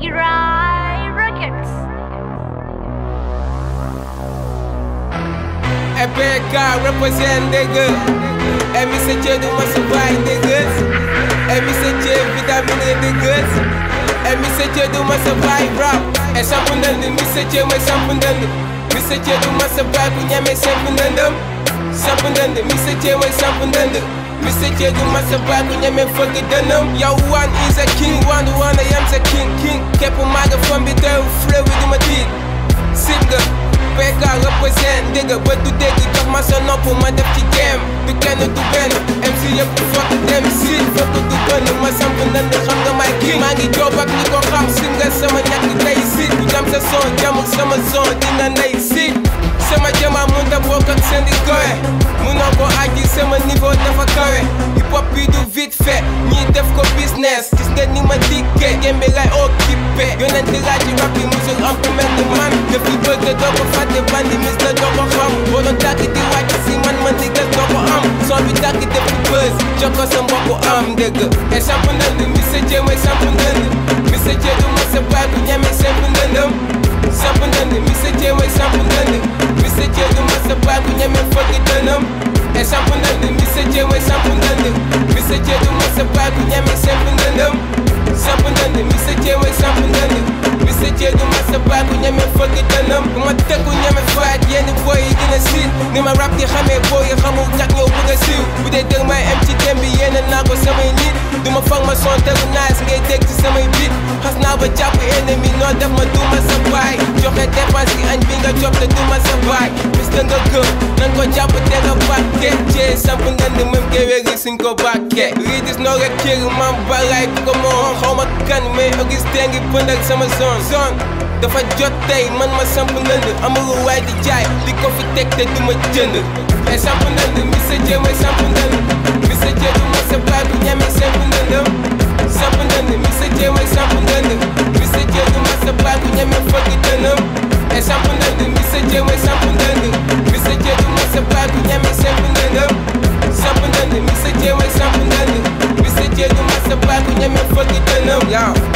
Big Rye Rockets. A big guy represent And Mr. J do what's right niggas. And Mr. J vitamin niggas. And Mr. J do what's right rap. And something done Mr. J my something done Mr. J do what's right when you something done them. Something done Mr. J my something done Mr. J do what's right them. one is a king. Dakar represent Dégage, ouais, tout dégage, donc ma son pour ma def qui game Du canne, du ben, MC, y'a plus fort que dem Si, faut que du ben, ma sam, que nan, de ram, de my king Magi, job, ak, ni kon ram, single, sama, nyak, ni tay, si Du jam, sa son, jam, sama, son, dina, nay, si Sama, jam, a, moun, da, wok, ak, sendi, kore Moun, an, bon, agi, sama, niveau, never kore Hip hop, pi, du, vite, fait Ni, def, ko, business, dis, de, ni, ma, dike Game, be, like, oh, keep it Yo, nan, di, raji, rapi, mousel, an, pou, men, de, man, de, te the fàtte bandi mis la doo ko xam booloo tàkk di wàcc si man ma ndigal doo ko am son bi tàkk def buzz jox ko sa mbokku am dégg exemple ndënd mi sa jéem exemple ndënd baay bu ñemee fëgg dënam bu ma tëgg ku ñeme faat yenn booy yi dina siit ni ma rap di xamee booy yi xamul ñàkk ñëw bëgg a siiw bu dee dëgg may am ci dem bi yéene naa ko samay nit du ma foog ma son tegu naas ngay dégg ci samay biit xas naa ba jàpp ennemi noo def ma duma sa baay joxe dépense gi añ bi nga job te duma sa baay bis da nga gëm nan ko jàpp te nga bàkkee cee samp ndënd mëm géewee gi suñ ko bàkkee lii dis noo rek kii maam balaay ku ko moom xaw ma kan mais Augustin ngi pënd ak sama zone zone dafa jot tey man ma samp nënd amul waay di jaay di ko fi teg te du ma jënd mais samp nënd Mister J mooy samp nënd Mister J du ma sa baay bu ñeme samp nëndam samp nënd Mister J mooy samp nënd Mister J du ma sa baay bu ñeme fëgg dënam mais samp nënd Mister J mooy samp nënd Mister J du ma sa baay bu ñeme samp nëndam samp nënd Mister J mooy samp nënd Mister J du ma sa baay bu ñeme fëgg dënam